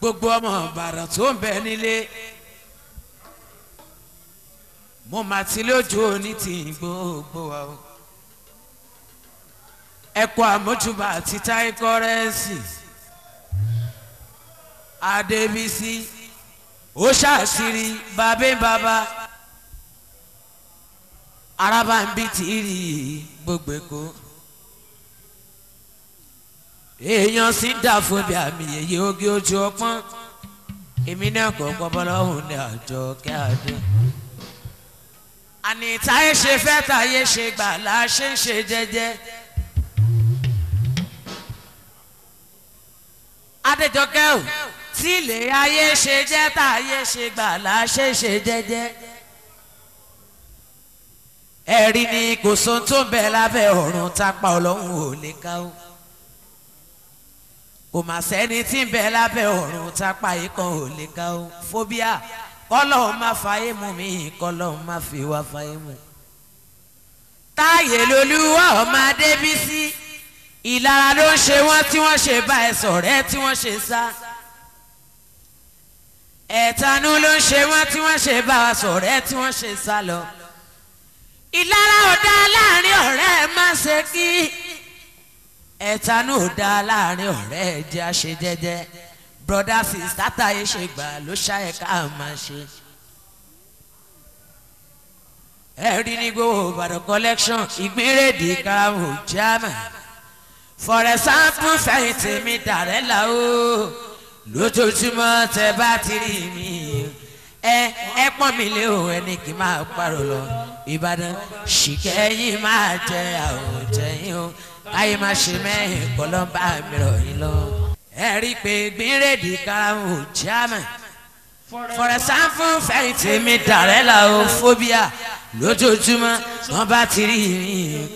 gbogbo ọmọ Ìbàdàn tó ń bẹ nílé mo máa ti lójú òní ti gbogbo wa o ẹ̀kọ́ àmójúbà àti táìkọ́rẹ́sì Adébísí ó ṣàṣírí babé bàbá arábàǹbì tìrì gbogbo èkó èèyàn sì dà fún bí àmì èyí oge ojú ọpọ́n èmi náà kò gbọ́bọ́ lọ́hùn ní àjọ káàdé. àní táyé ṣe fẹ́ táyé ṣe gbà là á ṣe ń ṣe jẹ́jẹ́. adéjọkẹ́ ò tí ilé ayé ṣe jẹ́ táyé ṣe gbà là á ṣe ń ṣe jẹ́jẹ́. ẹ̀rí ni kò sóhun tó ń bẹ lábẹ́ ọ̀run tápá ọlọ́run ò lè ká o kò mà sẹ́ni tí ń bẹ lábẹ́ ọ̀run tápá yìí kan ò lè ka o fóbíà kọ́lọ̀ má fàyè mú mi kọ́lọ̀ má fi wá fàyè mú. táyé lolúwa ọmọdé bí sí ìlara ló ń ṣe wọ́n tí wọ́n ṣe bá ẹ sọ̀rẹ́ tí wọ́n ṣe sá ẹ̀tanú ló ń ṣe wọ́n tí wọ́n ṣe bá wa sọ̀rẹ́ tí wọ́n ṣe sá lọ. ìlara ọ̀dà láàrin ọ̀rẹ́ má ṣe kí ẹ̀tanú ò dáa láàrin ọ̀rẹ́ ẹ̀ jẹ́ àṣẹ jẹ́jẹ́ broda sista táyé ṣe gbà ló ṣàyẹ̀ ká máa ṣe. ẹ̀rí ní gbogbo ìbàdàn collection ìgbérèdè karahun ò jáàmà for example fẹ̀yìntì mi dàrẹ́ là ó lójoojúmọ́ tẹ bá ti rí mi ẹ ẹ pọ́n mi lé o ẹni kì í máa parọ́ lọ ìbàdàn ṣìkẹ́yìn máa jẹ àwòjẹyìn o káyé má ṣe mẹ́hìn kọlọ́ba mi rọ̀ yín lọ. ẹ rí i pé gbìnrèdì karahun ò jáàmù fọ̀rẹ̀sán fún fẹ̀yìntì mi dàrẹ́ la o fóbíà lójoojúmọ́ wọn bá ti rí ìrìn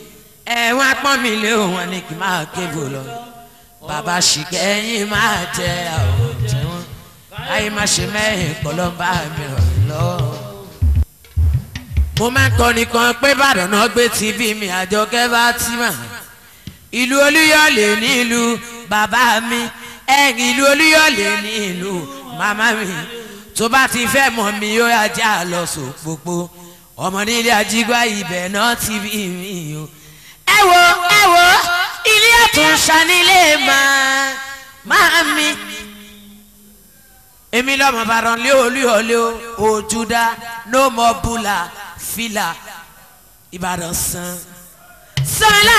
ẹ̀wọ̀n apọ́n mi lé wọn ni kì máa kébò lọ bàbá ṣìkẹ́yìn máa jẹ àwọn jẹ wọn káyé má ṣe mẹ́hìn kọlọ́ba mi lọ mo máa ń kọ́ nìkan pé bàdàn náà gbé tv mi àjọkẹ́ bá tì mà ìlú olúyọ̀lé nílùú bàbá mi ẹ̀yìn ìlú olúyọ̀lé nílùú màmá mi tó bá ti fẹ́ mọ̀ mi ó ajá lọ sòpòpò ọmọ nílé ajígbá ibẹ̀ náà ti bí mi o. ẹ wo ẹ wo ilé ọ̀tún sanilé máa mi èmi lọ́mọ bàrán lé olúyọ̀lé ojúdá no more bula fìlà ìbàdàn san sọlá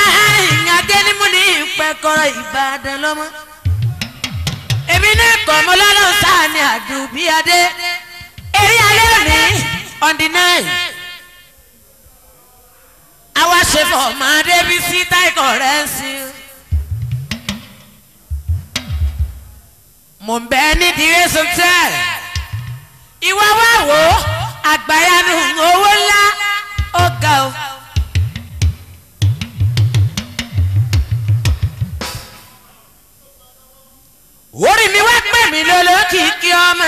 ìyàgẹ́nimúni ìpẹ́kọ̀rọ̀ ìbàdàn lọ́mọ. èmi náà kọ̀ mọ́ lọ́dún sáà ní àdùbíadé eré alẹ́ òní on the àwa ṣe fọ ọmọdé bí sí táìkọ̀ rẹ̀ sí. mò ń bẹ nídìí rẹ́sọ̀tẹ́ẹ̀ ìwọ wá wò àgbáyanu owó ńlá. ilé lókìkí ọmọ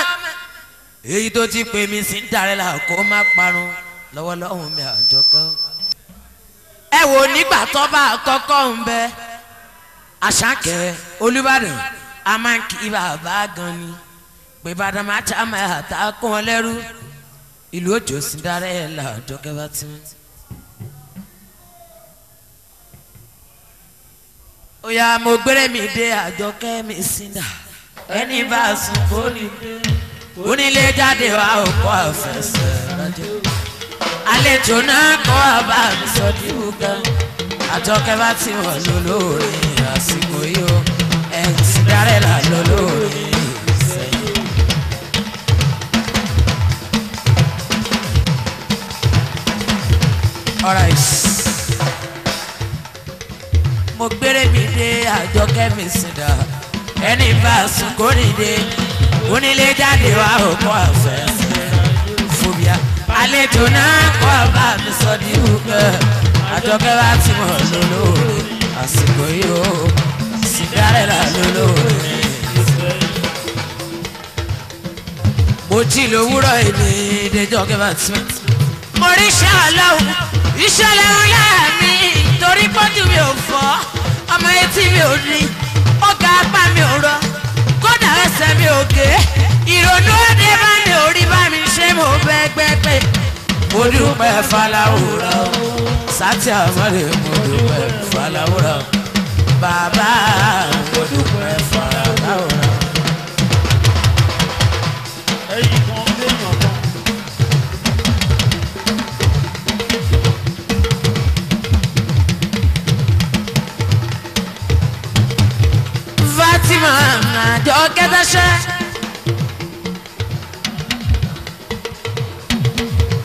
èyí tó ti pè mí sí dàrẹ́là kó má parun lọ́wọ́lọ́hùn mi àjọ kan. ẹ wò nígbà tó bá kọ́kọ́ ń bẹ àṣàkẹ́ olùbàdàn a máa ń kí bàbá gan ni pé bàdàn máa ta máa ta kún ọ lẹ́rú ìlú òjò sí dàrẹ́là àjọ kẹfà tí wọ́n ti. ó yá mo gbére mi dé àjọ kẹ́mi sí náà ẹni bá sùn kó nílé onílé jáde wa ò kọ́ àfẹsẹ̀ rájò àlejò náà kọ́ àbá mi sọ di wúgà àjọkẹ́ bá ti wọ̀n lólórí àsìkò yìí ó ẹ̀ ń sìdárẹ̀ là lólórí. Alright. mo gbére mi dé àjọkẹ́ mi sìndà ẹni bá sùn kó nìde onílé jáde wá òkú àfẹ́ fòbíà àlejò náà kọ́ bá mi sọ ní wúgbẹ́ àjọkẹ́ bá ti mọ̀ lólóore àsìkò yìí ó sìgárẹ́là lólóore. mo jí lówùrọ̀ èdè ìdẹ́jọ́ kẹfà tí mo rí iṣẹ́ ọlọ́run iṣẹ́ ọlọ́run láàmì torí pọ́jú mi ò fọ́ ọmọ etí mi ò ní apá mi ò rọ kódà ẹsẹ̀ mi ò gé ìrònú òde bá mi ò rí bá mi ṣe mo fẹ́ gbẹ́gbẹ́. mo dúpẹ́ faláwùrọ̀ sátì àmọ́lẹ̀ mo dúpẹ́ faláwùrọ̀ bàbá mo dúpẹ́ faláwùrọ̀. Fatima Àjọkẹ́ Táṣẹ́.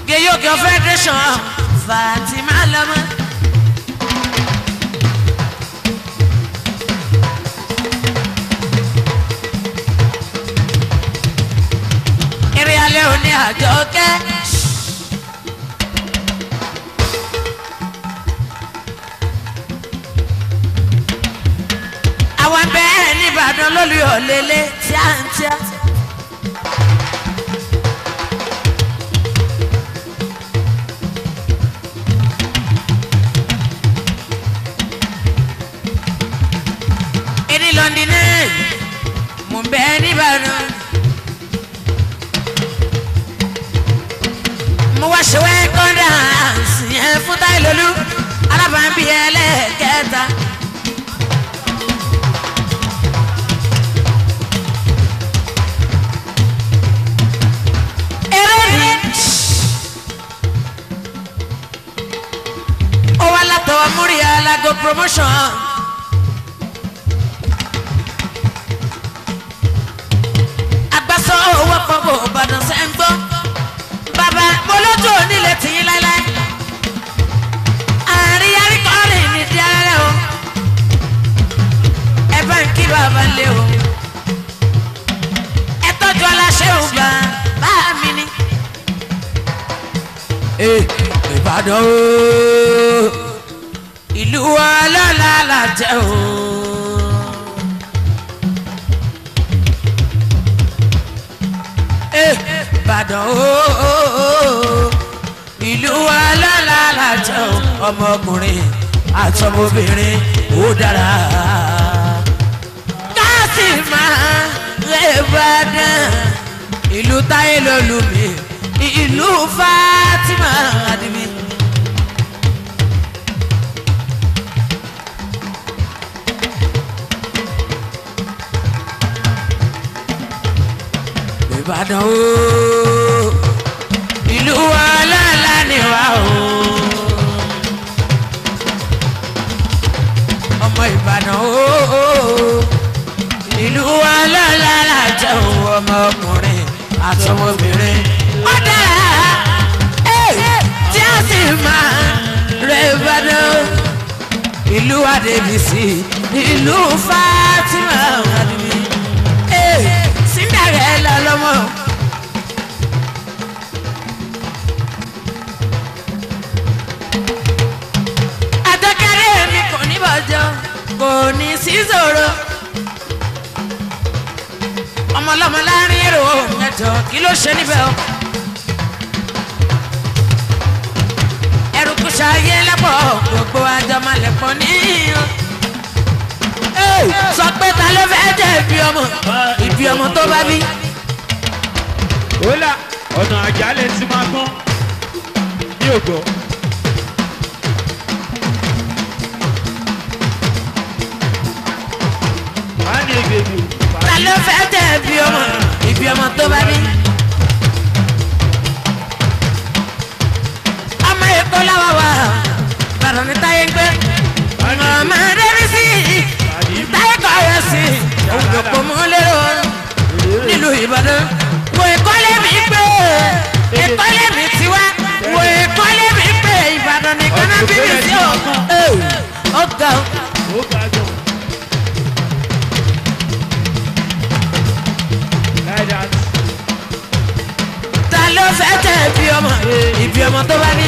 Gèyókè Federation Fatima lọ́mọ. Eré alẹ́ òní àwọn bẹ́ẹ̀ nìbàdàn lórí ọ̀lẹ́lẹ́ tíátíá. èdè lọ́ndì náà mò ń bẹ́ẹ̀ nìbàdàn. mo wá ṣe wẹ́ẹ́ kọ́ńdà sí ẹ fún Táílolú alábàámbí ẹlẹ́ẹ̀kẹta. 杀。àtọmọbìnrin ó dára. káàsì máa rẹ̀bàdàn ìlú táyé lọ́lùmí ìlú Fatima Adimi. Ìbàdàn ooo. ìlú adébísí ìlú fatima adìmí ee eh, Cinderella lọ́mọ. àtọ́kẹ́rẹ́ mi kò ní bọ́jọ́ kò ní sí ṣòro ọmọlọ́mọ láàrin èrò mẹ́jọ kí ló ṣe níbẹ̀ o. ṣayé lápọ̀ gbogbo àjọmọ̀lẹ̀pọ̀ níyàn. sọ pé ta ló fẹ́ jẹ́ ibi ọmọ ibi ọmọ tó bá bí. ó ọ̀nà àjálẹ̀ ti máa gbọ́n ní ògbó. ta ló fẹ́ jẹ́ ibi ọmọ ibi ọmọ tó bá bí. tọ́lá wa wà bàrọ̀ ní táyé gbé màmá rẹ́rí sí táyé kọ́ ayọ̀ sí òun kò mú lérò nílùú Ìbàdàn wò ìkọ́lé mi pé ìkọ́lé mi ti wá wò mi pé Ìbàdàn nìkan náà bí mi sí ọ̀ ọ̀gá ọ̀gá. ta ló fẹ́ tẹ̀ ibi ọmọ ibi ọmọ tó bá ní.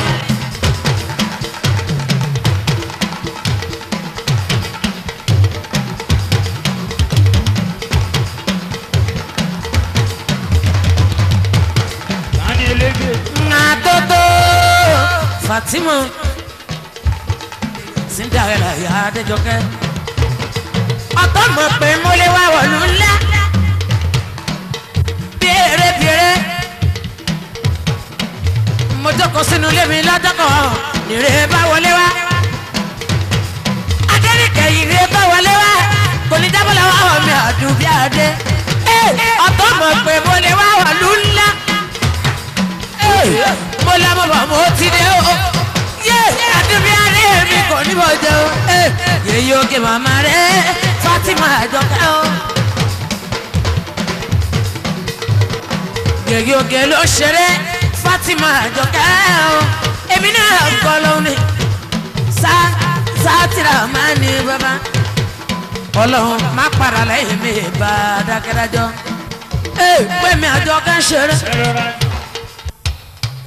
Fatima Cinderella ìyá Adéjọkẹ́ ọ̀tọ̀ mọ̀ pe mo lè wá wọ̀lú ńlá bèrèbèrè mo jókòó sínú ilé mi lọ́jọ́kọ̀ ìrè bá wọlé wá adẹ́rìkẹ́ ìrè bá wọlé wá kò ní jábọ̀ lọ́wọ́ àwọn mi àdúgbò adé ọ̀tọ̀ mọ̀ pé mo lè wá wọ̀lú ńlá mo lámọ̀ bọ̀ mo ti dé o. yé àdúgbò alẹ́ mi kò ní bọ̀ jẹ́ o. yèyí òkè màmá rẹ̀ Fatima àjọkẹ́ o. yèyí òkè ló ṣeré Fatima àjọkẹ́ o. èmi náà kọ́ lóun ni sá sátìrà máa ní bàbá. ọlọ́run má para lẹ́yìn mi bá dákẹ́dájọ́. ẹ pé mi àjọkẹ́ ṣeré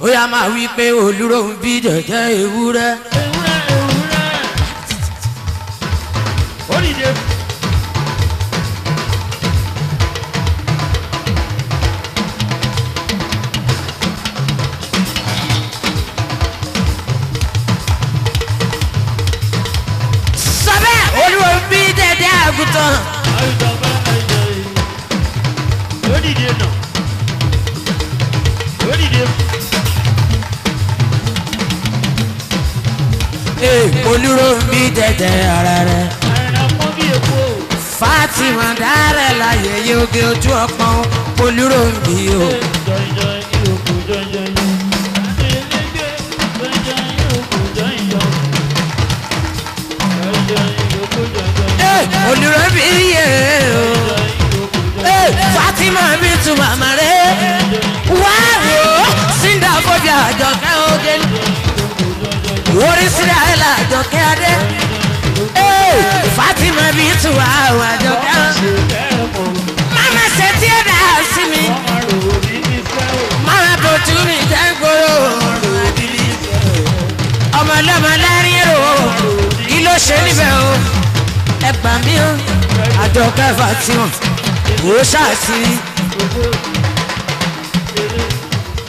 ó yá máa wí pé olúrò ń bí jẹ̀jẹ̀ ewúrẹ́. olúròmí dẹ̀dẹ̀ ara rẹ̀. Fatima dárẹ̀ láyé yogi ojú ọpọ́n olúròmí o. olùrẹ́bí yẹ o Fatima mi tún màmá rẹ̀ wá o síndà fọ́jà àjọká orí Israel àjọkẹ́ adé Fatima bí tu àwọn àjọkẹ́ mama ṣe tí ó dá sí mi mama bòtú mi jẹ́ gbòòrò ọmọlọ́mọ lárí èrò kí ló ṣe níbẹ̀ o ẹ gbà o àjọkẹ́ Fatima kò ṣáàtì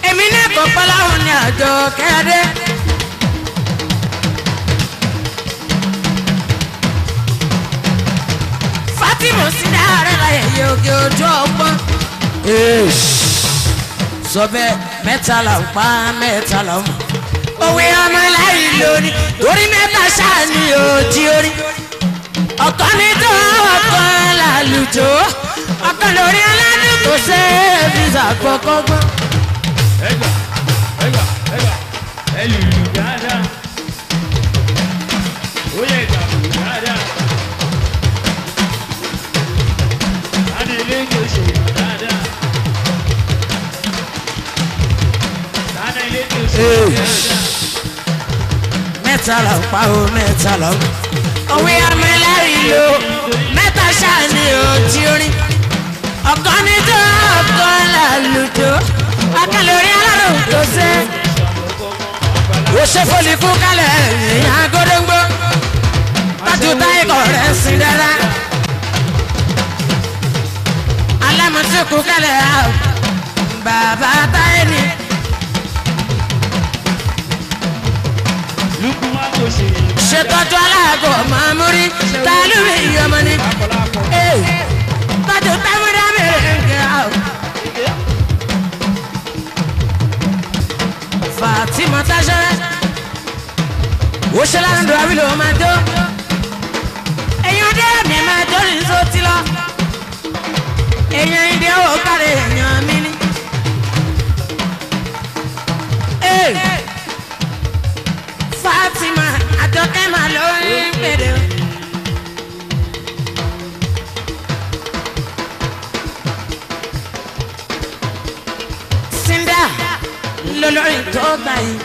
èmi náà kọ́ pálá ni àjọkẹ́ adé. sídá ọ̀rẹ́ láyé yòókè ojú ọgbọ́n. sọ bẹ́ẹ̀ mẹ́ta là ń pa mẹ́ta là ń mọ̀. òwe ọmọ láì lórí orí mẹ́ta ṣáà ni òjì orí. ọ̀kan ní tó ọ̀kan làlùjọ ọ̀kan lórí aládùn kò ṣe é fi ṣàkókò gbọ́n. ẹgbà ẹgbà ẹgbà ẹ lù ú. mẹ́ta lọ pa o mẹ́ta lọ. òwe amẹ́lẹ́rì lo mẹ́ta ṣáàní o tí ó rí. ọ̀kan ní tó ọ̀kan làlùjọ ọ̀kan lórí alárùn tó ṣe. ó ṣe fọlì fún kálẹ̀ ìyá gódóńgbó tọ́jú táyé kọ̀ rẹ̀ sí dára. alámọ̀tí kú kálẹ̀ bàbá táyé ni. ṣètọ́jú la máa mamuri rí tálùmí ìyọmọ ni tamura támúdá mèrè ń Fatima Tashere wo ndo láńdọ̀ abílẹ̀ ọmọ ẹjọ́ ẹ̀yin ọdẹ mi máa jọ́ ní sọ́tí lọ ẹ̀yin ìdí ọwọ́ kárẹ̀ ẹ̀yàn mi ni. Hey. Fatima àjọkẹ́ mà ló ń bèrè o. Sinda lolórin tó gbà yìí.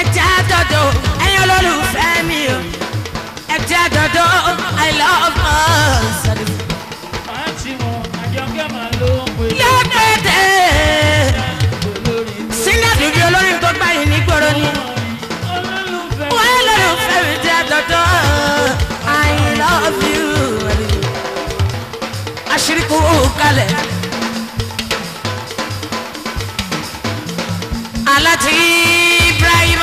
Ẹja dọ̀dọ̀ ẹ̀yin olólùfẹ́ mi o. Ẹja dọ̀dọ̀ I love us. kalẹ̀. aláti Ibrahim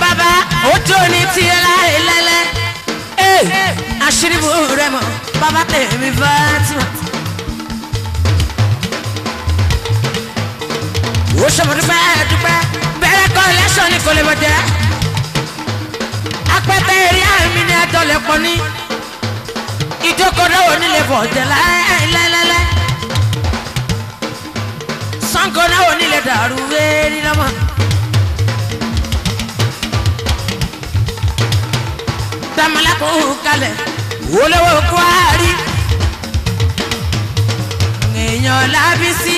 bàbá ojú ni tiẹ̀ láì lẹ́lẹ́ àṣírí eh, bò rẹ̀ mọ́ bàbá tèmi Fatima. ó ṣe mo dúpẹ́ dúpẹ́ bẹ̀rẹ̀ kọ́ lẹ́sọ̀ ni kò lè bọ̀ jẹ́ apẹ́tẹ́ eré àmì ni àjọlẹ̀pọ̀ ni ìjókòó onílé bọ̀jẹ̀ láéláéláé sango náà onílé dàrú wéèrí lọ́mọ. tamalaku kalẹ̀ wọléwọ́ kwari èèyàn lábísí.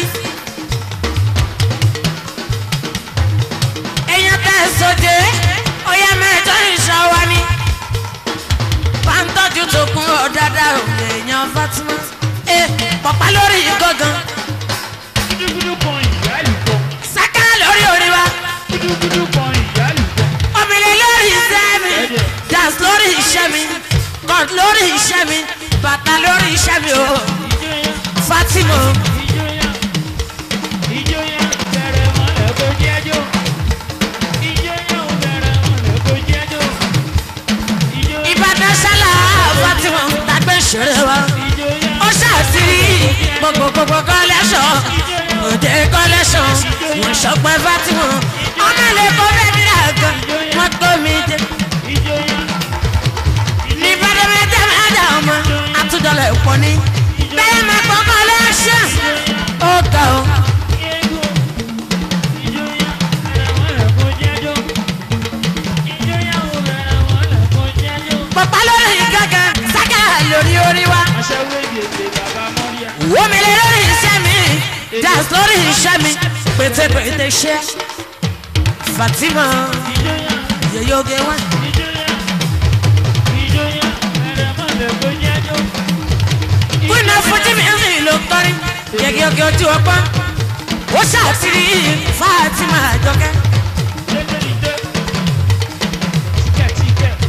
èèyàn tẹ̀sọ̀dé ó yẹ mẹ́jọ ìṣọ́ wa ni ojú tó kún ọ̀dàdà òun èèyàn Fatima ẹ eh, pọ̀pá lórí gángan. saka lórí orí wa. obìnrin lórí iṣẹ́ mi jazz lórí iṣẹ́ mi god lórí iṣẹ́ mi bàtà lórí iṣẹ́ mi o Fatima. gbogbo gbogbo kọ́lẹ́ṣọ̀n òde kọ́lẹ́ṣọ̀n wọ́n ṣọpẹ́ Fatima ọmọ ilé kọ́ bẹ́ẹ̀ ní àgọ́ wọ́n tó mi jẹ. ní bàdàmẹ́ tẹ́ máa dà ọmọ àtúndọ̀lẹ̀ pọ̀ ní bẹ́ẹ̀ máa kọ́ kọ́lẹ́ṣọ̀n ó ga o. papa lórí gángan ságà lórí orí wa. aṣẹ́wó èdè bàbá. Omi lè lori iṣẹ́ mi, jazz lori iṣẹ́ mi, pétépété iṣẹ́. Fatima, yèyóge wá. Kúnà fojú mi rìn ló ń tọ́rí, yẹ̀gẹ̀yẹ̀gẹ̀ ojú ọpọ́n. Ó ṣàtìrí Fatima àjọkẹ́.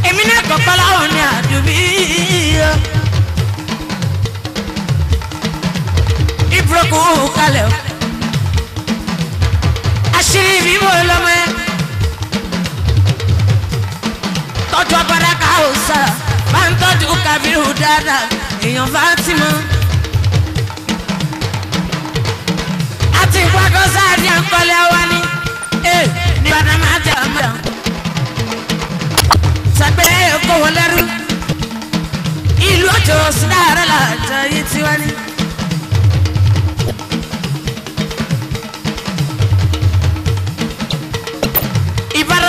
Èmi náà kọ̀ọ̀kan láwọn ní àdùbí. burúkú kalẹ̀ o àṣírí mi wò lọ́mọ ẹ tọ́jú abadaka ọ̀sà bá ń tọ́jú kabiru dáadáa èèyàn bá ti mọ́ àti ìpàgọ́ sáàdì àǹkọ́lẹ̀ wa ni ẹ ní bàtà máa jẹ ọmọ ẹ sàgbé ẹ kò wọlé rú ìlú ọjọ́ sídáàrà làjọ yìí tiwa ni.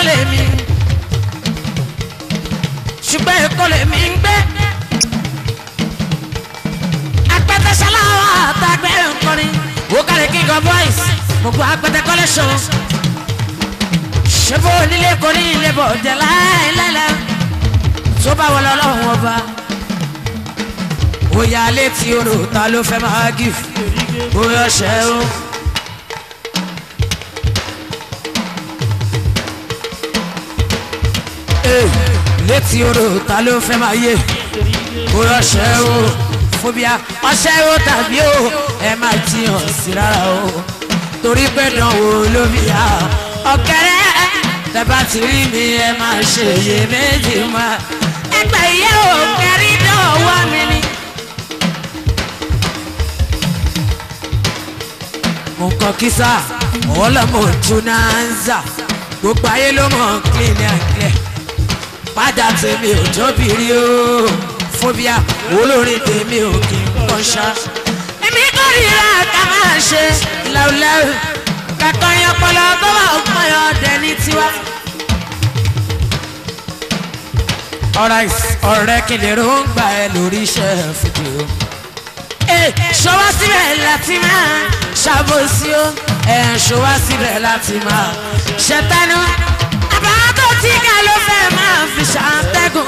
ló lè mí ṣùgbọ́n Èkó lè mí ń gbé apẹtẹsọlá wa àtàgbẹ́ nkọrin wókàlẹ̀ king of voice gbogbo apẹtẹ collection ṣẹ́fó onílé kò ní ilé bọ̀ jẹ́ láìláìlá tó bá wọlé ọlọ́run ọba òyà létí orò ta ló fẹ́ máa gif bóyá ṣẹ́ o. létí odò ta ló fẹ́ máa yé kó rọṣẹ́ o fóbíà ọṣẹ́ o tàbí o ẹ má jiyàn sí rárá o torí pé dánwò ló fi hà ọ̀kẹ́rẹ́ tẹ́bá ti rí mi ẹ má ṣe iye méjì má ẹgbẹ́ ìyá ò kẹrí dánwò mi ni. mo ń kọ kísà ọlọ́mọ tún náà ń zà gbogbo ayé ló mọ̀ clean and clear padà tèmi ò tóbi rí o fóbíà olórin tèmi ò kì í kọ́ṣá. èmi kórìíra ká máa ṣe lẹ́wùlẹ́wù kàkọ́ yan pọlọ tó wà ọgbọ́n yan ọdẹ ní tiwa. ọ̀rẹ́ kí lè ló ń gbà ẹ́ lórí iṣẹ́ fídíò. ṣọwọ́ síbẹ̀ láti máa ṣàbòsí o ṣọwọ́ síbẹ̀ láti máa ṣẹ̀tánú ló fẹ́ máa fi ṣàǹtẹ́gùn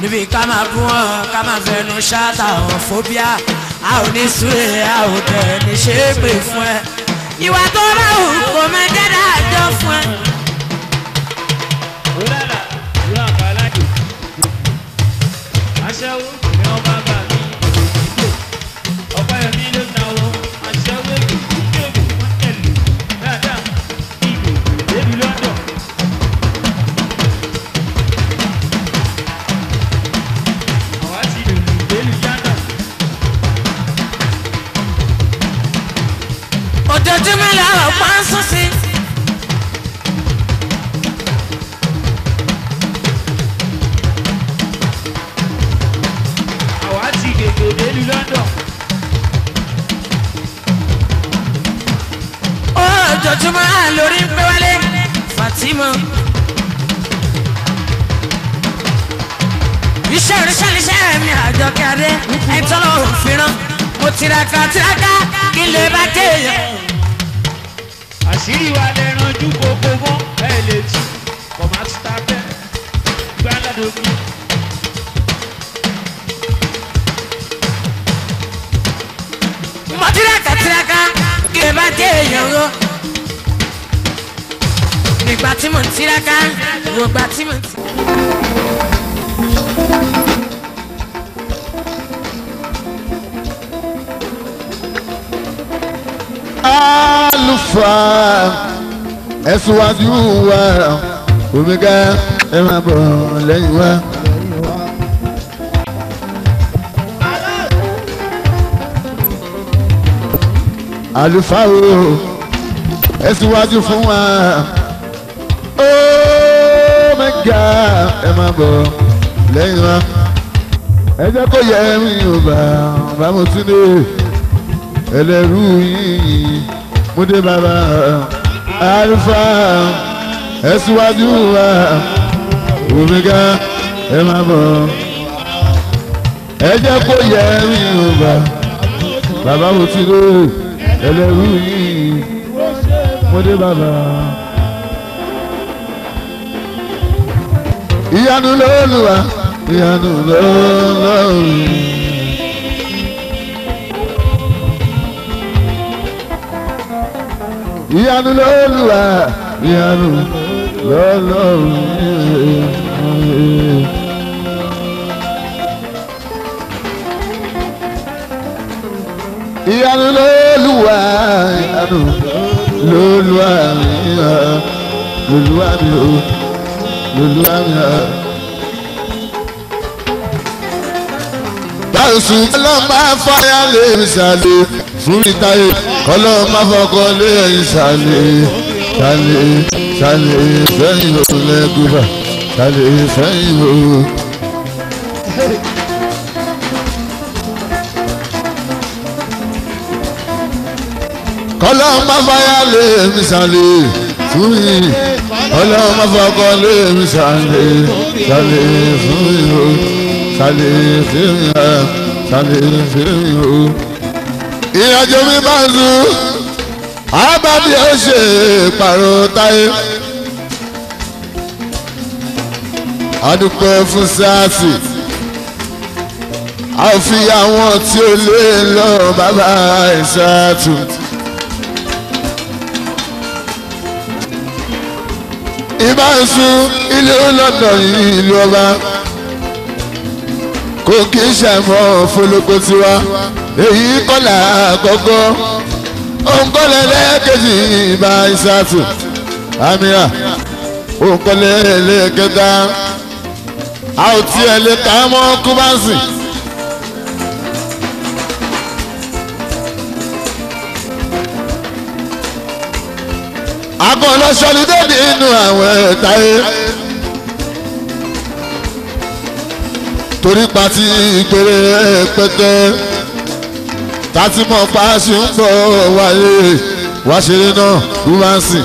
níbi ká máa bú wọn ká máa fẹnu ṣáàtà wọn fóbíà a ò ní súre a ò tẹ̀ ní ṣe é pè fún ẹ ìwà tó bá wù kò máa jẹ́ dájọ́ fún ẹ. aṣẹ́wó. tiraka tiraka kí lè bá téèyàn. àṣírí wa lè ranjú gbogbo mọ́ ẹ lè tú kò má ta bẹ́ẹ̀ gbá ládùúgbò. mo tiraka tiraka kí lè bá téèyàn o. nígbà tí mo ń tiraka ìwọ̀n gbà tí mo ń tiraka. alufa ẹ̀sùwájú wa omega ẹ máa bọ̀ lẹ́yìn wa. alufa o ẹ̀sùwájú fún wa omega oh ẹ máa bọ̀ lẹ́yìn wa. ẹ jẹ́ kó yẹ mí ò bá bá mo tún ẹlẹ́rú yìí múdé bàbá alfa ẹ wa omega ẹ má bọ̀ ẹ jẹ́ kó yẹ mí o bá bàbá mo ti lò ẹlẹ́rú yìí múdé bàbá. ìyanu lóòlù wa ìyanu lóòlù. ìyanu lọ́la ìyanu lọ́la ìyanu lọ́lùwà ìyanu lọ́lùwà mi lọ́lùwà mi lọ́lùwà mi. àrùsù ọlọ́mọ afáyà lè sàlẹ̀ fún mi táyé ọlọ́mọ afọkọ lè sàlẹ̀ sàlẹ̀ sàlẹ̀ fẹ́yìn o lẹ́gbẹ̀bà sàlẹ̀ fẹ́yìn o. ọlọ́mọ afáyà lè sàlẹ̀ fún mi ọlọ́mọ afọkọ lè sàlẹ̀ sàlẹ̀ fún mi o ṣàlèfìyà ṣàlèfìyà o. ìrìnàjò mi bá ń lu àbábí ó ṣe pààrọ̀ táyé. adúpẹ́ fún sáàsì a fi àwọn tí ó lé lọ bàbá ìṣáàtú. ìbá ń sun ilé ó yìí ìlú kò kí n ṣàmọ́ fọlọ́gbọ́n tiwa èyí kọ́là àkọ́kọ́ òǹkọ́lẹ̀ lẹ́ẹ̀kejì ìbá ìsàtù àmìrà òǹkọ́lẹ̀ lẹ́ẹ̀kẹta àwòtí ẹ̀ lè ká mọ́ kúbánsì. akọ̀ọ́lọ́sọ̀lù dé nínú àwọn ẹ̀ta yẹn. torí pa ti ìpèrè pẹtẹ tàti mọ̀ pa ṣe ń bọ̀ wáyé wá ṣeré náà rúbánsì.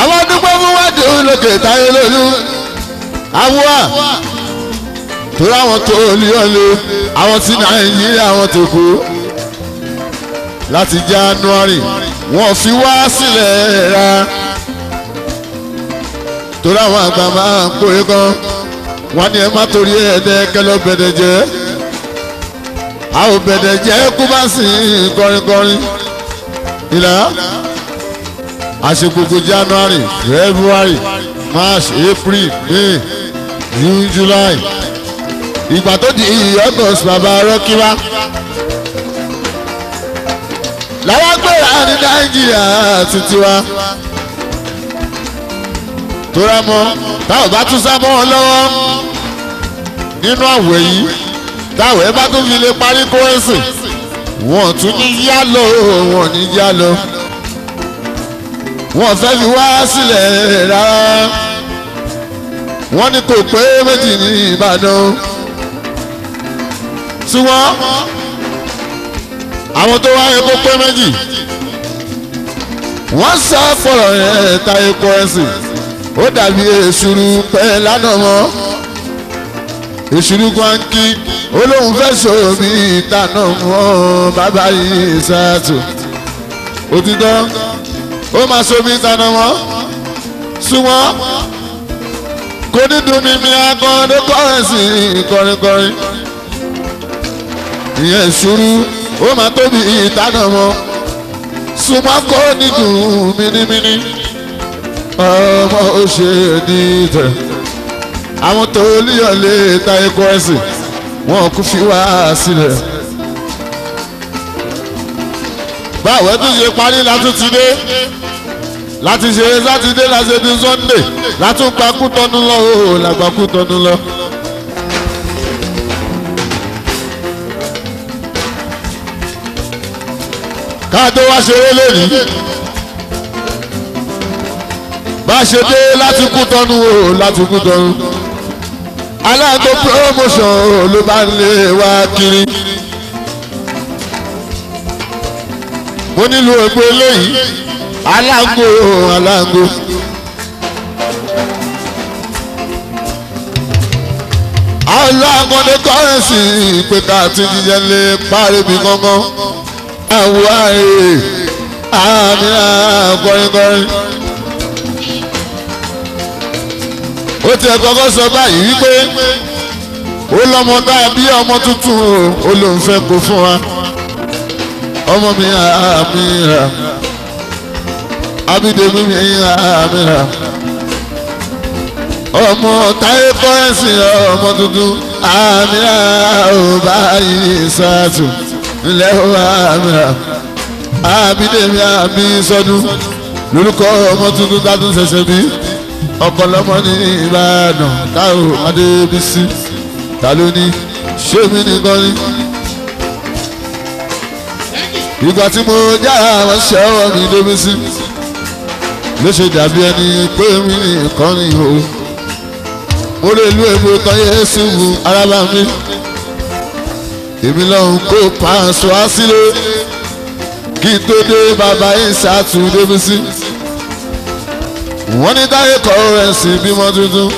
àwọn dúpẹ́ fún wájú lókè táyé lójú awúwà torí àwọn tó olúyọ̀lé àwọn tí nàìjíríà wọn tó kú láti January wọn fi wá sílẹ̀ ra torí àwọn àgbà máa ń pòye kan wọ́n ní ẹ má torí ẹ̀ẹ́dẹ́ kẹlọ́ bẹ̀dẹ̀ jẹ́ a ò bẹ̀dẹ̀ jẹ́ kú bá sì ń kọrinkọrin ìlà àṣegbogbo January February March April May June July ìgbà tó di August bàbá rọ́kíwá làwọn gbéra ní Nàìjíríà tuntun wa tó rẹ mọ́ tá ò bá tún sábọ́ wọn lọ́wọ́ nínú àwẹ̀ yìí táwẹ̀ bá tún fi lè parí kó ẹ̀sìn wọn tún ní yá lọ wọn ní yá lọ wọn fẹ́ fi wá sílẹ̀ rárá wọ́n ní kò pé méjì ní Ìbàdàn tí wọ́n àwọn tó wáyé kó pé méjì wọ́n sá fọ̀rọ̀ ẹ̀ ta epo ẹ̀sìn ó dàbí èsùrù pẹ́ lánàá mọ́ èsùrù kwankí olóhùn fẹ́ sómi ìtànà mọ́ bàbá yìí ṣáàtò òtítọ́ ó máa sómi ìtànà mọ́ súnmọ́ kò ní dùn mí mi akọrin kọrin sí kọrin kọrin ìyẹn ìṣúrú ó máa tóbi ìtànà mọ́ súnmọ́ kò ní dùn mí ní mí ní ọmọ òṣè ní tẹ̀ àwọn tó líyọ̀lé ta ikọ̀ ẹ̀sìn wọn kú fi wá sílẹ̀. báwo ẹ tún ṣe parí látún ti dé láti ṣe sátidé láti ṣe sunday látún gbakú tọ́nu lọ o làgbakú tọ́nu lọ. ká tó wá ṣeré lónìí bá ṣe dé látúkú tọ́nu o látúkú tọ́nu aláǹtó promotion o ló bá ń lé wa kiri. mo nílò ẹgbẹ́ eléyìí aláǹgó aláǹgó. aláǹgọ̀dé kọ́rẹ́nsì pé ká ti jíjẹ lé párẹ́bì kankan àwọn àyè àmì àkọ́rẹ́kọ́rẹ́. ó ti ẹ̀ kọ́kọ́ sọ báyìí wípé ó lọ́mọ tá a bí ọmọ tuntun o ó lóun fẹ́ kó fún wa ọmọ mi àmì rà abídèmí mi àmì rà ọmọ táyé kọ́rẹ́sì ọmọ tuntun àmì rà ó báyìí sàtù ńlẹ́ ó àmì rà abídèmí àmì sọdún lórúkọ ọmọ tuntun tá a tún ọ̀pọ̀lọpọ̀ ní Ìbàdàn táwọn Adébísí ta ló ní ṣémi nìkan ni. ìgbà tí mo já àwọn ṣẹ́wọ́ mi débi sí ló ṣe dàbí ẹni pé mi nìkan ni o. mo lè lu èbó kan yé síbu arábá mi èmi lọ́hùn kó pàṣọ á sílé kí n tó dé bàbá yìí ṣàtúndébísí wọ́n ní táyé kọ́ ẹ̀sìn bímọ tuntun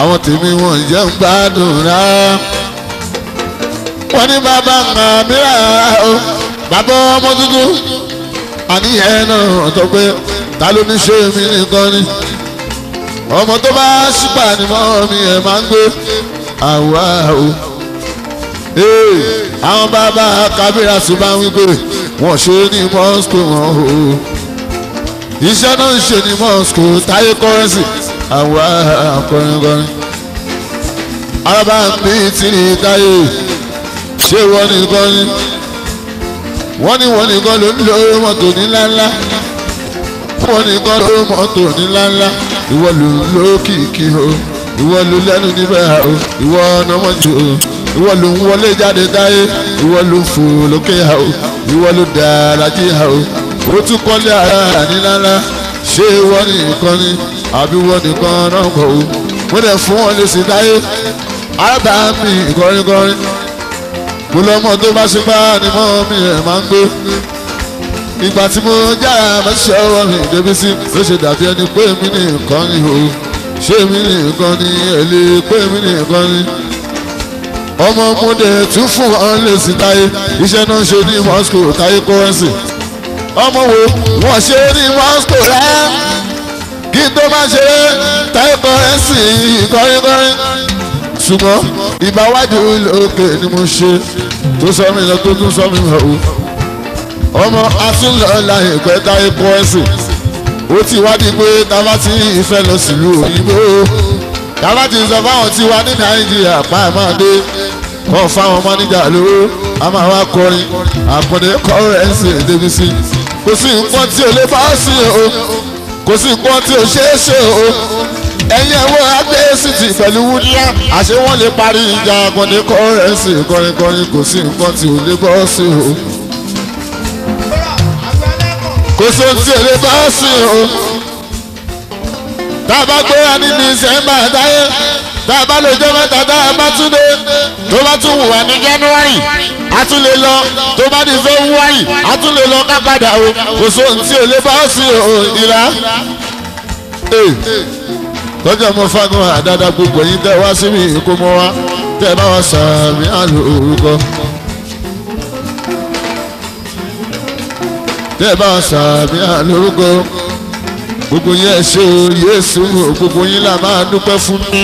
àwọn tèmi wọn jẹ́ ń gbádùn rárá wọ́n ní bàbá nǹkan mìíràn o bàbá ọmọ tuntun àníyàn náà tó pé ta ló ní ṣé mi nìkan ni ọmọ tó bá ṣùpà ni mọ́ mi ẹ̀ máa ń gbé àwa o àwọn bàbá kábírà sì bá ń wí pé wọ́n ṣe ní mọ́sùkù wọn o iṣẹ́ náà ń ṣe ní mosque táyé kọ́rẹ́sì àwọn akọrinkọrin araba mi ti ní táyé ṣé wọ́n nìkan ni wọ́n ní wọ́n nìkan ló ń lo mọ́tò ní ńláńlá wọ́n nìkan ló mọ́tò ní ńláńlá ló ń lo kìkì o ìwọ ló lẹ́nu níbẹ̀ o ìwọ ọ̀nà mọ́jú o ìwọ ló ń wọlé jáde táyé ìwọ ló ń fò lókè o ìwọ ló dára jí o ó tún kọ́lé ara rà ní lálá ṣé wọ́n nìkan ni àbí wọ́n nìkan náà kọ̀ ó mo dẹ̀ fún wọn lè sì dáyé àbá mi kọrinkọrin mo lọ́mọ tó bá ṣe bá ni mọ́ mi ẹ̀ máa ń gbé ìgbà tí mo jára mẹ́sẹ̀ ọwọ́ mi débi sí ló ṣe dàbí ẹni pé mi nìkan ni o ṣé mi nìkan ni èlé pé mi nìkan ni ọmọ mo dẹ̀ tún fún wọn lè sì táyé iṣẹ́ náà ṣe ní Moscow táyé kọ́rẹ́nsì ọmọ wo wọ́n ṣe rí mọ́tò rẹ̀ kí tó má ṣe tẹ́kọ̀ rẹ̀ sí kọ́ríkọ́rí ṣùgbọ́n ìbáwájú lókè ni mo ṣe tó sọ mi lọ tó tún sọ mi lọ o ọmọ asúnlọ́ọ̀la ìpẹ́ táyé kọ́ ẹ̀sìn ó ti wá di pé tábà tí ìfẹ́ lọ sílùú òyìnbó tábà tí sọ fáwọn tí wá ní nàìjíríà pa ẹ̀ máa dé kọ́ fáwọn mọ́níjà lówó a máa wá kọrin àpọ̀dé kọ́ ẹ̀sìn débi sí i kò sí nǹkan tí o lè bá sí o kò sí nǹkan tí o ṣe é ṣe o ẹ̀yin ẹ̀wọ́ agbésìtì pẹ̀lú wúdíá àṣé wọ́n lè parí ìjà akọni kọ́rẹ́sì kọrinkọrin kò sí nǹkan tí o lè bá sí o kò sí ohun tí o lè bá sí o tá a bá gbéra ní December táyé tá a bá lè jẹ́ mẹ́ta tá a bá tún dé tó bá tún wù wá ní January a tún lè lọ tó bá di zó ń wáyì a lè lọ ká padà o kò sóhun tí ò lè bá ó sí òun ìlà lọ́jọ́ mo fagun àdáadáa gbogbo yín tẹ́ wá sí mi kó mọ́ wá tẹ́ bá wa sàmì àlò orúkọ. tẹ́ bá wa sàmì àlò orúkọ gbogbo yín ẹ ṣé o Yésù gbogbo yín là máa dúpẹ́ fún mi.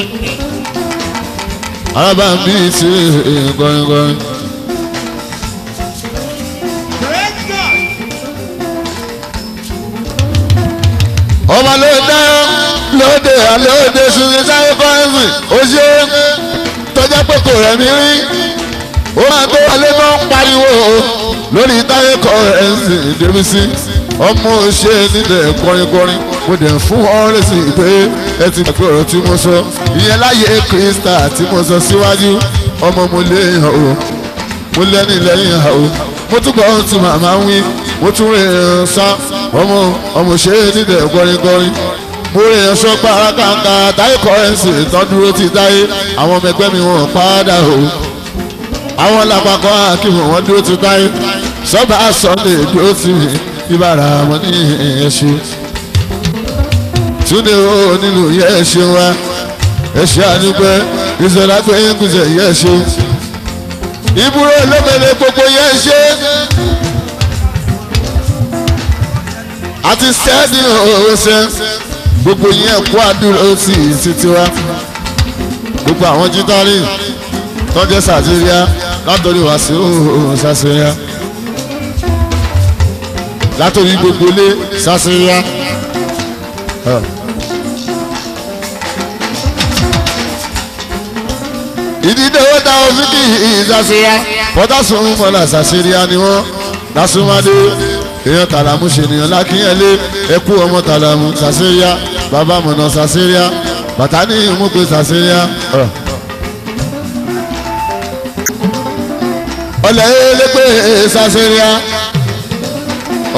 arábàá mi ti gbọ̀ngbọ̀n. ọba ló dá lóde àlóde sunjú sáré fáìmù ó ṣe tọ́jà pé kò rẹ̀ mí rí ó máa tó wọlé tó ń pariwo lórí táyé kọ ẹ̀ ń sìn débi sí ọmọ ṣe nílẹ̀ kọrinkọrin mo dẹ̀ fún ọ́rẹ́ sí pé ẹ ti gbàgbé ọ̀rọ̀ tí mo sọ ìyẹn láyé kírísítà tí mo sọ síwájú ọmọ mo lè hàn o mo lẹ́ni lẹ́yìn hàn o mo túbọ̀ ọ̀hún tí màmá ń wí mo tún rè é sá ọmọ ọmọ ṣe é nídẹ̀ gọringọrin mo rè é sọ para kàǹkà táyé kọ́rẹ́ǹsì tọ́dúró ti táyé àwọn ọmọ ẹgbẹ́ mi wọ́n padà o àwọn làpapọ̀ àkìmọ̀ wọ́n dúró ti táyé sọ́ba sọ́lẹ̀ dúró sí mi ìbára wọn ní ẹ̀ṣin túnde ó nílùú yẹ ẹ̀ṣin wa ẹ̀ṣin àdúgbẹ́ ìṣẹ̀lá pé ń kùsẹ̀ yẹ ẹ̀ṣin ìbúrò lómìnira gbogbo yẹ ẹ̀ṣin. àti sẹ́ẹ̀dì ọ̀ọ́sẹ́ gbogbo yẹn kó àdúró sí títí wa gbogbo àwọn jítárì tọ́jẹ́ sàtíríà látọ̀rí wàásù sàṣẹyà látọ̀rí gbogbo ilé sàṣẹyà. ìdídéwó ta òfin kì í sàṣẹyà fọdásùn mọ́lá sàṣẹyà ni wọ́n lásùnmáde èèyàn tàlàmù ṣènìyàn lákìnyẹlé ẹkú ọmọ tàlàmù sàṣẹyà bàbá mọ̀nà sàṣẹyà bàtà ní ìmúpe sàṣẹyà. ọlẹ́ elégbé sàṣẹyà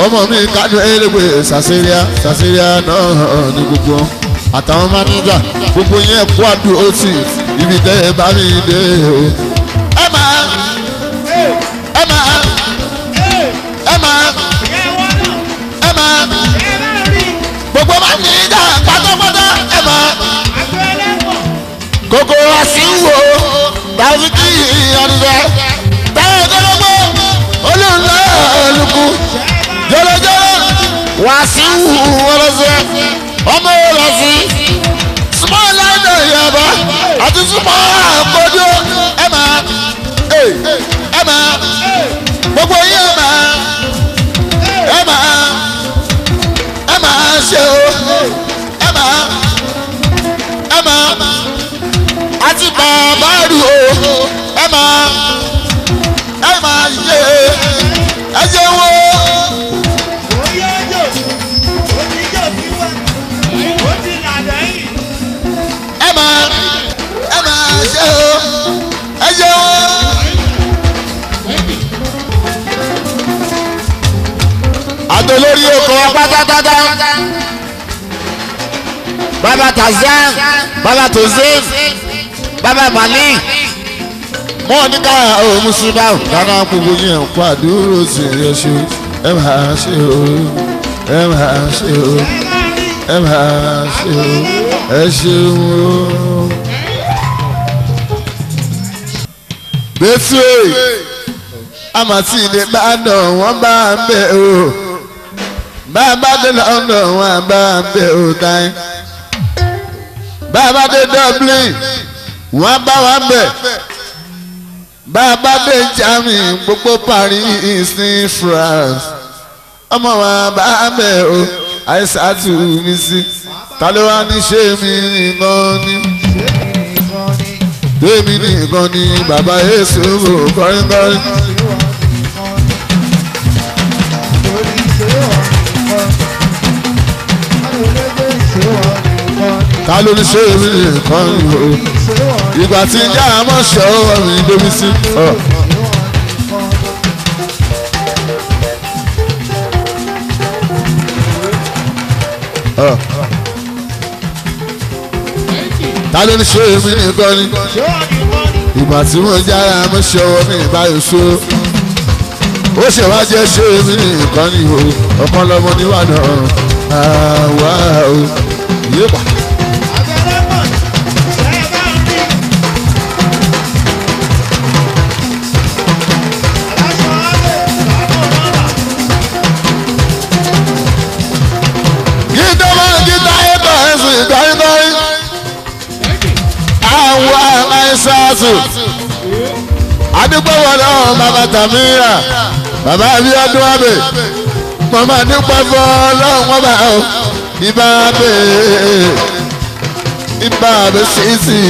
ọmọ mi kájú elégbé sàṣẹyà sàṣẹyà náà ní gbogbo àtàwọn máníjà gbogbo yẹn kó àdúró sí ibi tẹ́ ẹ bá mi dé o. ẹ máa ẹ máa ẹ máa gbogbo bá ní ìjà pátápátá ẹ mọ̀ gbogbo wa sì ń wo dáfídì ọdúnṣe táwọn ọgọlọgbọ olùlọ olùkú jọlọjọlọ wà sí wù ọlọsẹ ọmọ ọlọsí súnmọ́ láńdà yaba àti súnmọ́ àkọjọ ẹ mọ̀ ẹ mọ̀ gbogbo yín ẹ ẹ mọ̀ ṣe o ẹ má ẹ má àti bàbá rù o ẹ má ẹ má yé ẹ jẹ́ wọ́n. ẹ máa ẹ máa ṣe o. lórí oko wa pátápátá baba tazan baba tozin baba malik mo ní ká o musiba o. dáná gbogbo yẹn ń pa dúró sí ẹyẹ ṣe ẹ máa ṣe o ẹ máa ṣe o ẹ máa ṣe o ẹ ṣeun o. bẹ́sẹ̀ àmàtí ilé bá dàn wọ́n bá ń bẹ̀ o. Baba de London wọn bá bẹ òòtá yẹn bàbá dé Dublin wọn bá wà bẹ bàbá dé Germany gbogbo Paris ní France ọmọ wọn bá bẹ o àìsàn tù mí sí ta ló wá ní ṣé mi nìkan ni tèmi nìkan ni bàbá Yéṣu kọrin kọrin. ká ló ní ṣe mí nǹkan o ìgbà tí ń yára mọ́ ṣe ọwọ́ mi débi sí. ta ló ní ṣe mí nǹkan ni ìgbà tí wọ́n yára mọ́ ṣe ọwọ́ mi báyìí so ó ṣe wá jẹ́ ṣe mí nǹkan ni o ọ̀pọ̀lọpọ̀ níwájú àwọn àwọn yéèpà. àwọn àìsàtù adúgbò wọlé ọ̀hún bàbá tàmíra bàbá abíọ́dún àbè mọ̀mọ́ adúgbò fọ́ ọlọ́run wọn bá ọ ibà bè ibà bè sísì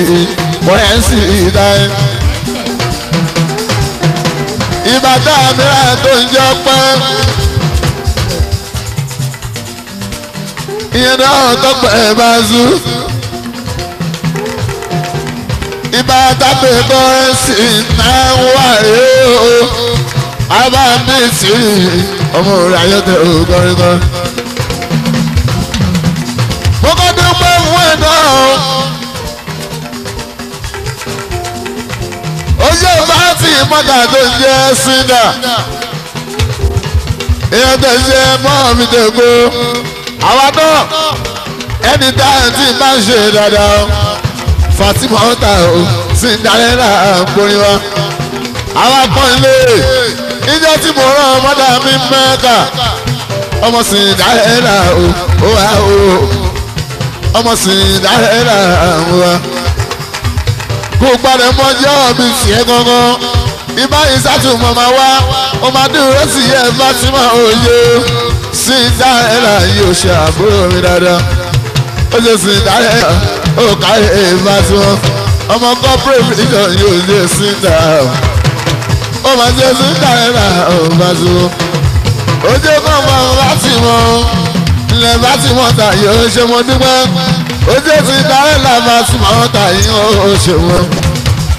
wọ́n sì dáẹ́. ibà tàmíra tó ń jẹ́ pẹ́. ìyẹn náà tọ́pẹ́ bá zú ibà tábì bọ́ẹ̀sì náà wà yóò abá mi sí ọmọ rẹ̀ ayọ́dẹ̀ ò gọ́rígọ́. mo kọ́ dúpẹ́ fún ẹ̀ náà ó yẹ fáàtì mọ́tà tó ń jẹ́ sínà èèyàn tó ń jẹ́ mọ́ mi tó kó àwa náà ẹni tá à ń máa ń ṣe dáadáa. Fatima ọ̀tà o Cinderella borin wa. àwa kan ilé ìjọ tí mo rán mọ́dà mi mẹ́ka ọmọ Cinderella o ó wá o ọmọ Cinderella o wá. kó gbọ́dọ̀ mọ jẹ́ ọ̀bí tiẹ̀ gangan ibà ìsàtúmọ̀ máa wá ó máa dúró sí yẹ Fatima òye Cinderella yóò ṣe àbúrò mi dáadáa ó ṣe Cinderella òkà èèmà tí wọ́n ọmọ kọ́pẹ́rẹ́ mílíọ̀n yóò lé síta ó máa jẹ́ síta náírà ọ̀bá tí wọ́n ó jẹ́ kó máa láti mọ́ ilẹ̀ bá ti mọ́ ta yóò ṣe mọ́ dúpẹ́ ó jẹ́ síta náírà bá ti mọ́ ta yóò ṣe mọ́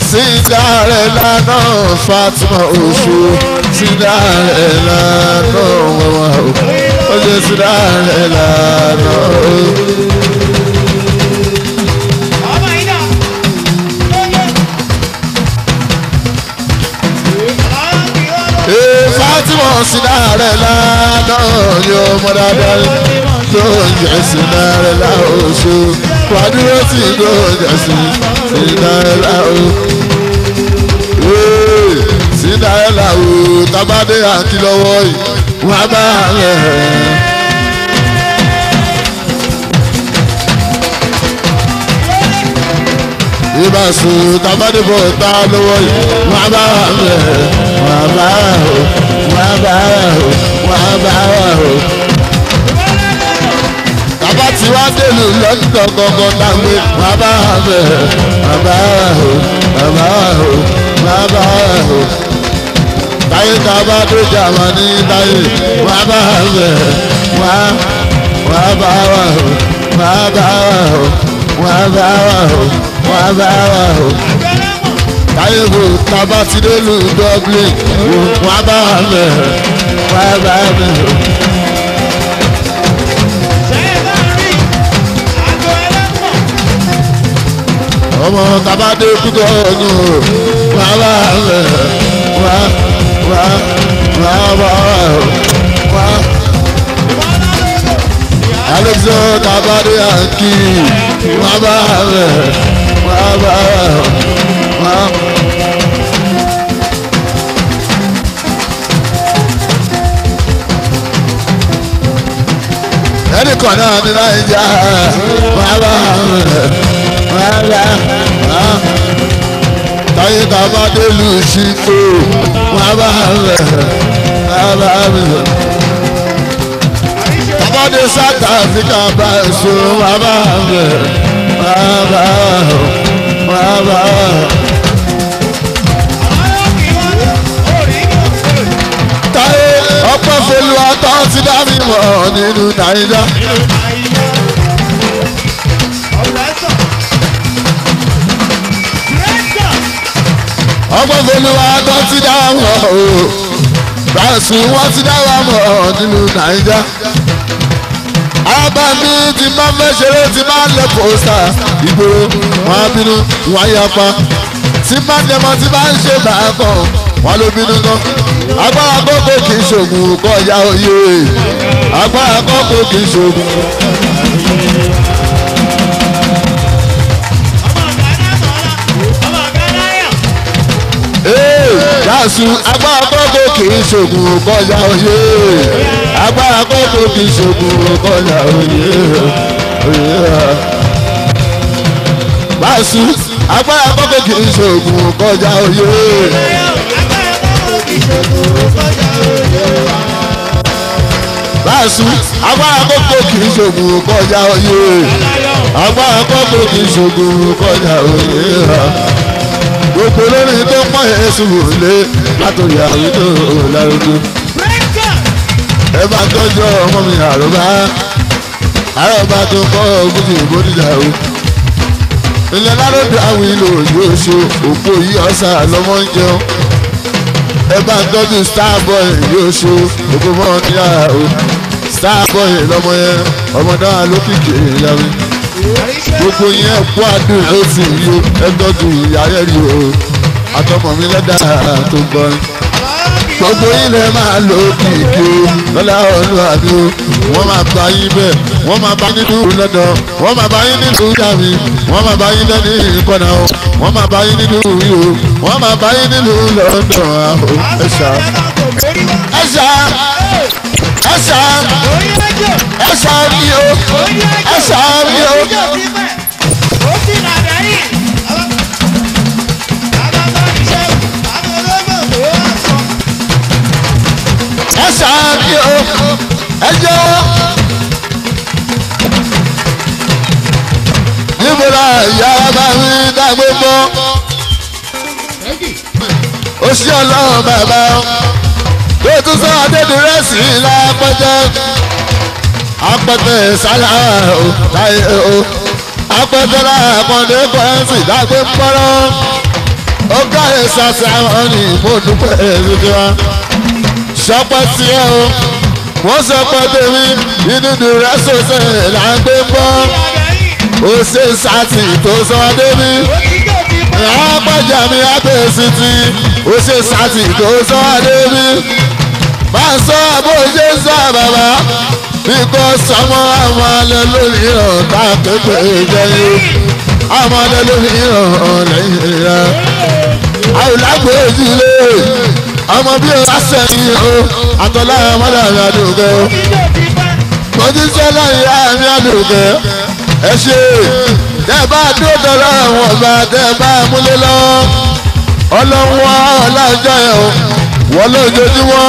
síta rẹ̀ lánà Fatima oṣù síta rẹ̀ lánà wọ́n wá ó jẹ́ síta rẹ̀ lánà. mọ̀ sí láàrẹ̀ lánàá yóò mọ̀ dáadáa yóò yẹ sí láàrẹ̀ láòṣù wà dúró sí yóò yẹ sí sí láàrẹ̀ láòṣù. sí láàrẹ̀ láòṣù tábàdé àkìlọ́wọ́ yìí wọ́n á bá ibà sùn tàbádìbò tá a lówó yìí má bá wà mẹ́ má bá wà o má bá wà o má bá wà o. bàbá tí wàá dèlù lọ́dọ̀ gbọ̀ngàn lágbé má bá wà mẹ́ má bá wà o má bá wà o má bá wà o. táyé tá a bá dójà wà ní táyé má bá wà mẹ́ má má bá wà o má bá wà o wọ́n á bá wà o wọ́n á bá wà o. Táyébù tábà ti dé lu Dublin wọ́n á bá wà mẹ́ wọ́n á bá mẹ́ o. ọmọ tábà dé kútó ọdún o wọ́n á bá wà mẹ́ wọ́n á wọ́n á wọ́n á bá wà o wọ́n á alonso tabade anki mama mama mama. ẹnìkan náà ní naija mama mama táyé tabade lu sí o mama mama ní South Africa bá èso bàbá rẹ̀ bàbá bàbá. Táyé ọpẹ́ fẹlú ọtọ́ ti dá mi mọ̀ nínú Nàìjíríà. ọgbọ́n fẹ́mi wa tó ti dá wa mọ̀ ọ́ báyìí wọ́n ti dá wa mọ̀ nínú nàìjíríà bá mi ti máa fẹ́ ṣeré ti máa lẹ pòsà ìgboro wọn á bínú wọn á yapa tí máa dẹmọ tí máa ń ṣe bàákọ wọn ló bínú gan agbára kókó kì í ṣògùn kọjá oyè agbára kókó kì í ṣògùn. agbára kókó kì í ṣògùn kọjá oyè agbára kó tó fi ṣògùn kọlà òye òye báṣu agbára kó tó fi ṣògùn kọjá òye. báṣu agbára kó tó fi ṣògùn kọjá òye agbára kó tó fi ṣògùn kọjá òye gbogbo lórí tó pọ̀ ẹ̀sùn òlé látòrí àwùjọ lárugẹ ẹ bá tọ́jú ọmọ mi àròbá àròbá tó kọ́ ogójì ìbòdìjà o ilẹ̀ láròdù àwọn ìlò òjò oṣù òpó yìí ọ̀sà lọ́mọ ń jẹun ẹ bá tọ́jú starboy yìí oṣù òpó mọ́ níyà o starboy lọ́mọ yẹn ọmọ náà ló kìkì ìyá mi gbogbo yẹn kó àdùn ó sì yí o ẹ tọ́jú ìyá rẹ̀ rí o àtọmọ̀ mi lẹ́dà tó gbọ́n gbogbo ilẹ̀ máa lo kìkì lọ́lá Olúwàbí wọ́n máa bá yín bẹ́ẹ̀ wọ́n máa bá yín nínú lọ́dọ̀ wọ́n máa bá yín nínú yàmi wọ́n máa bá yín lẹ́ni ìkọ́nà o wọ́n máa bá yín nínú yìí o wọ́n máa bá yín nínú lọ́dọ̀ àhó ẹ̀ṣà ẹ̀ṣà ẹ̀ṣà ẹ̀ṣà mi o ẹ̀ṣà mi o. wọ́n ṣáàbí o ẹjọ́ níbo la ìyá bá mi dágbé mọ́ ó ṣí ọlọ́run bàbá tó tún sọ adédúrẹ́sì lápẹ́jọ́ apẹ̀tẹ̀ sálà o táyé o apẹ̀tẹ̀ làkàndé kọ́ẹ̀sì dágbé ó káyè sàṣà wọn ni mo dúpẹ́ èyí sọpẹ́ sí ẹ o wọ́n sọpẹ́ tèmi inú dùrẹ́ sọ̀sẹ̀ là ń gbé bọ́ ó ṣe sátì tó sọ débi àpàjà mi àtẹ̀sí ti ó ṣe sátì tó sọ débi bá a sọ àbó ṣe ń sọ bàbá because ọmọ àwọn alẹ́ lórí ọ̀tá pépè jẹ́yìn àwọn alẹ́ lórí ọ̀lẹ́yìn rẹ̀ àwòlágbèjì lè ọmọ bí o bá sẹ́yìn o àtọ́lá ọmọdé àmì àdùnkẹ́ o mo ti sẹ́ lẹ́yìn àmì àdùnkẹ́ ẹ ṣe tẹ́ bá dó dọ́là àwọn ọba tẹ́ bá múlé lọ ọlọ́run wa ọ̀làjọ́ ẹ̀ o wọ́n lójoojúmọ́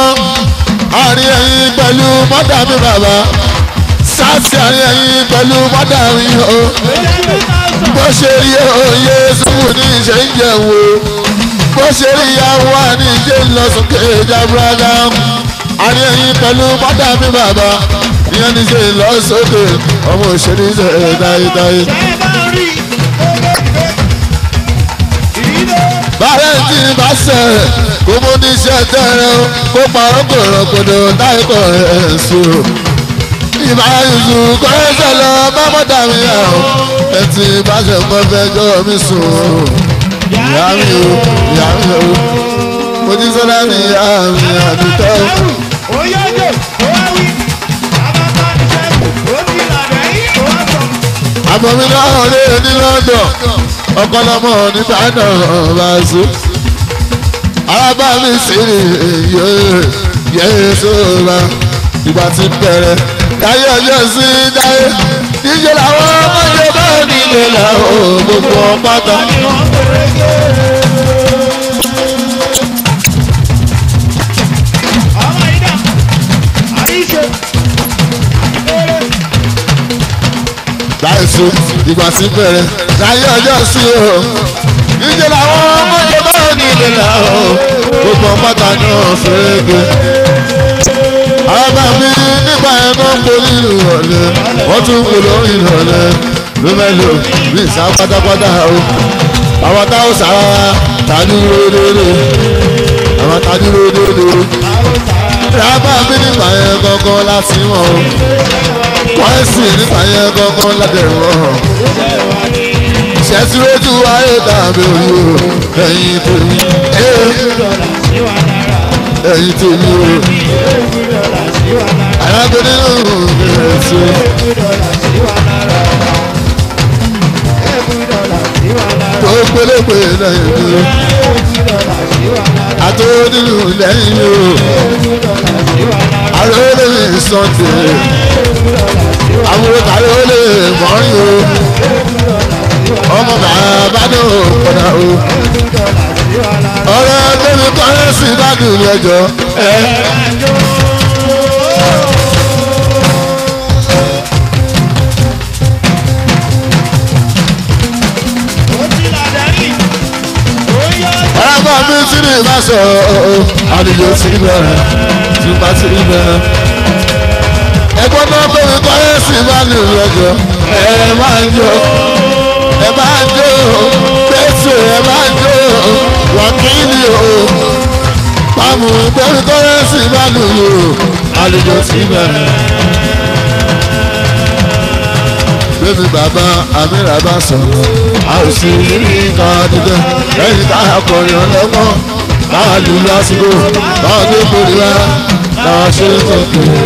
àárín ẹ̀yìn pẹ̀lú mọ́tà mi bàbá sáàsì àárín ẹ̀yìn pẹ̀lú mọ́tà mi o bó ṣe rí o yé sùkúrú ní ìṣẹ́ ń jẹun o bó ṣe rí ìyàwó àníjẹ́ lọ sókè jaburada àní ẹ̀yìn pẹ̀lú mọ́tà mi bàbá ìyẹn ní ṣe lọ sókè ọmọ òṣèré ṣe dáidái. bàrẹ̀ tí bá ṣe kó mú níṣẹ́ tẹ́rẹ̀ kó parọ́ kò rọ̀gbọ̀dọ̀ táì kọ̀ ẹ̀ sùúrù ìbáyìí kọ́rẹ́sẹ̀ lọ bá mọ́tà mi àwọn ẹ̀ tí bá ṣe kọ́ fẹ́ jọ́ mi sùn ìyá mi o ìyá mi o mo ti sọ́dá mi ìyá mi àdúgbò. àbọ̀mí náà lé ní London ọ̀pọ̀lọpọ̀ nìbàdàn bá a sùn arábà mi sì yẹ yẹ sọ́ra ìgbà tí bẹ̀rẹ̀ láyé ọjọ́ sí dáyé díje làwọn ọmọdé bá nílé làwọn gbogbo pátá. láìsí ìgbà tí bẹ̀rẹ̀ láyé ọjọ́ sí o díje làwọn ọmọdé bá nílé làwọn gbogbo pátá ní òfin rẹ̀ ọba mi nípa ẹnu kò ní ìrọ̀lẹ́ wọ́n tún kò lórí ìrọ̀lẹ́ ló mẹ́lò ní ìsá pátápátá o àwọn táwọn sára ta ní ròdòdò àwọn ta ní ròdòdò rábà mi nípa ẹ kankan láti mọ̀ o kọ́ẹ̀sì nípa ẹ kankan láti mọ̀ o ìṣẹ́sí lójú ayé tàbí òyò ẹ̀yìn tèmi ẹ̀yìn tèmi o alágbèdè òkèrèsè. tó pélépe lẹ́yìn àtòdìlù lẹ́yìn o àròlé sọ̀tẹ̀ àbúrò tàrólé mọ́rin o ọmọ bàbá náà kọ̀dà o ọ̀rẹ́ lórí kọ́rẹ́sì dádùn lẹ́jọ́ ẹ̀. mi sí ní ìbáṣọ àdìyẹ sí bẹ̀rẹ̀ tí bá sí bẹ̀rẹ̀. ẹ̀gbọ́n náà bẹ̀rẹ̀ kọ́ ẹ̀ sì bá ní ìrẹ́jọ ẹ̀ máa ń jọ ẹ̀ máa ń jọ pẹ̀sì ẹ̀ máa ń jọ wákìlì o. pàmò ìbẹ̀rẹ̀ kọ́ ẹ̀ bá ní ìrẹ́jọ àdìyẹ sí bẹ̀rẹ̀ bébí bàbá amíra bá sọ̀rọ̀ àìsí yìí kan dídẹ lẹ́yìn táyà kọrin ọlọ́gbọ́n táà lù lásìkò táà dé kórìíra táà ṣe é tó kéré.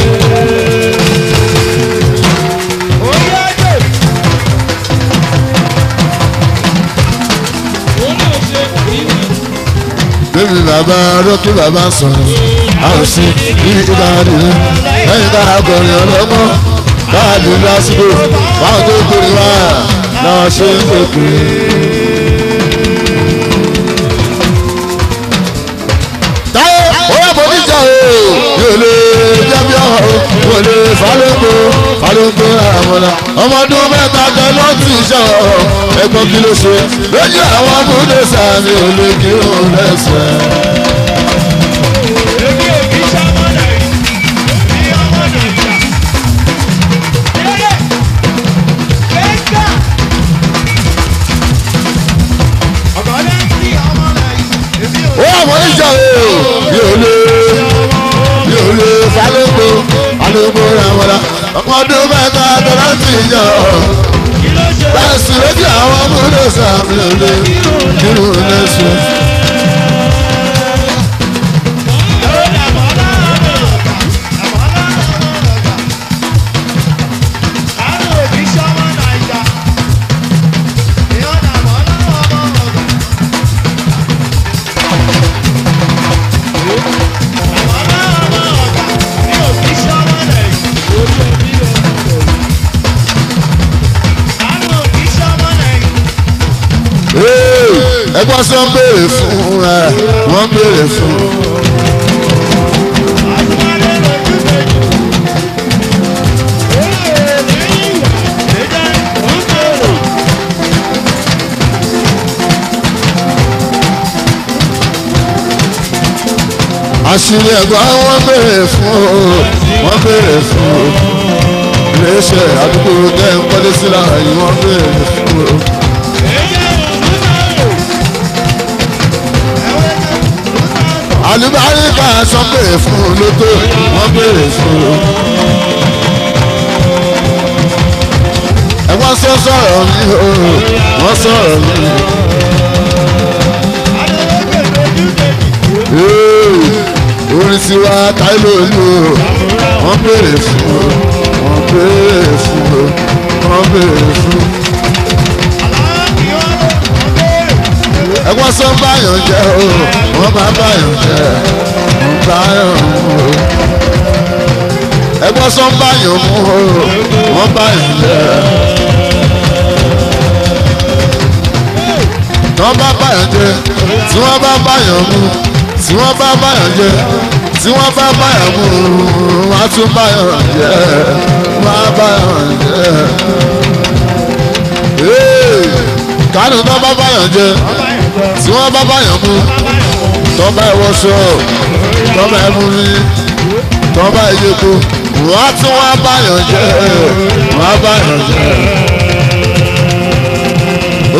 bébí bàbá rókè bàbá sọ̀rọ̀ àròsí ní ìbáraẹni lẹ́yìn tá a kọrin ọlọ́gbọ́n báàlù lásìkò báwọn tó kórè wá náà ṣe ń pèpè. táyé ọ̀rọ̀ bọ̀ níjà o yóò lè jẹ́bi ọ̀hún kò lè falóko falóko àmọ́lá ọmọdún mẹ́ta kan ló ti ṣe kí ló ṣe lójú àwọn abúlé sàmì ò kí òun lẹ́sẹ̀. Yazanını Yunus àṣírí ẹ̀gbọ́n wọ́n béèrè fún o wọ́n béèrè fún o iléeṣẹ́ àdúgbò tẹ́ ń kọ́lé sí láàyè wọ́n béèrè fún o. àlùbáríkà sọ pé fún un ló tó wọ́n fún un. ẹ̀wọ́n sọ sọ̀rọ̀ mi o wọ́n sọ̀rọ̀ mi sí wa táìlò lò wọ́n béèrè fún wọ́n béèrè fún wọ́n béèrè fún. ẹ̀wọ́n sọ báyọ̀ jẹ́ o wọ́n bá báyọ̀ jẹ́ wọ́n báyọ̀ mú o. ẹ̀wọ́n sọ báyọ̀ mú o wọ́n báyọ̀ jẹ́. tí wọ́n bá báyọ̀ jẹ́ tí wọ́n bá báyọ̀ mú tí wọ́n bá báyọ̀ jẹ́ tí wọ́n bá báyọ̀ mú wọ́n á tún báyọ̀ jẹ́ wọ́n á báyọ̀ jẹ́. kánú tó bá báyọ̀ jẹ tí wọ́n bá báyọ̀ mú tọ́ba ìwọṣọ tọ́ba ìmúni tọ́ba ìyẹ́kọ wọ́n á tún wọ́n á báyọ̀ jẹ́ wọ́n á báyọ̀ jẹ́.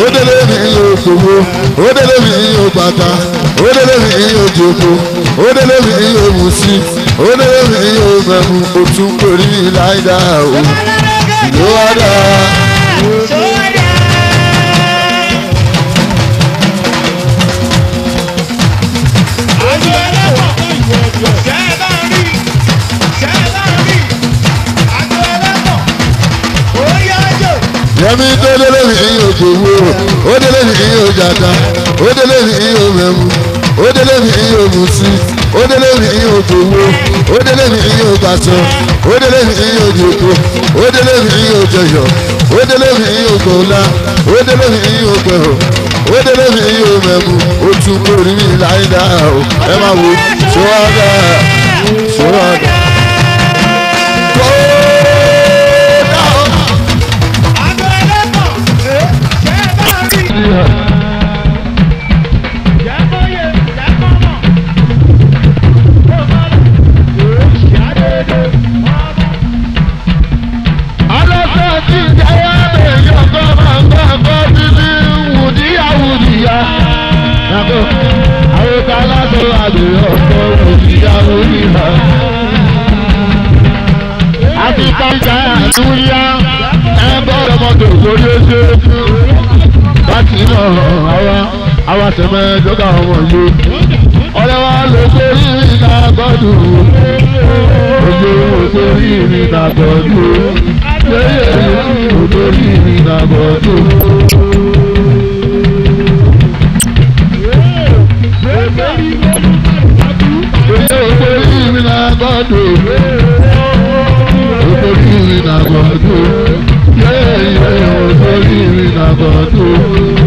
ó délé mi yóò gbowó ó délé mi yóò bàtà. Odele mi iye ojoko, odele mi iye owusi, odele mi iye omẹmu, otu nkori laida o. Ìlú wádà. Yẹ́mi tó délé mi iye òjòwò, ó délé mi iye òjàdá ó délé mi ìyó mẹ́mu ó délé mi ìyó mutí ó délé mi ìyó gbowó ó délé mi ìyó gbàtọ́ ó délé mi ìyó dìbò ó délé mi ìyó jẹyọ ó délé mi ìyó gbọ̀ọ́lá ó délé mi ìyó gbẹ̀rọ̀ ó mi ìyó o ẹ máa wo ṣọ́ọ́dà ṣọ́ọ́dà. tí ń yá ẹ bọ́ọ̀rọ̀ mọ́tò lórí ẹsẹ̀ láti nà àwa àwa tẹ̀mẹ́ dọ́gba ọmọ yìí ọ̀rẹ́ wa lè sórí ìrìnà gọ́dù òjò òsórí ìrìnà gọ́dù yẹ́yẹ́ òsórí ìrìnà gọ́dù. Òjò òsórí ìrìnà gọ́dù yeah yeah, ìrìnàgọ̀dù yé ìrìnàgọ̀dù.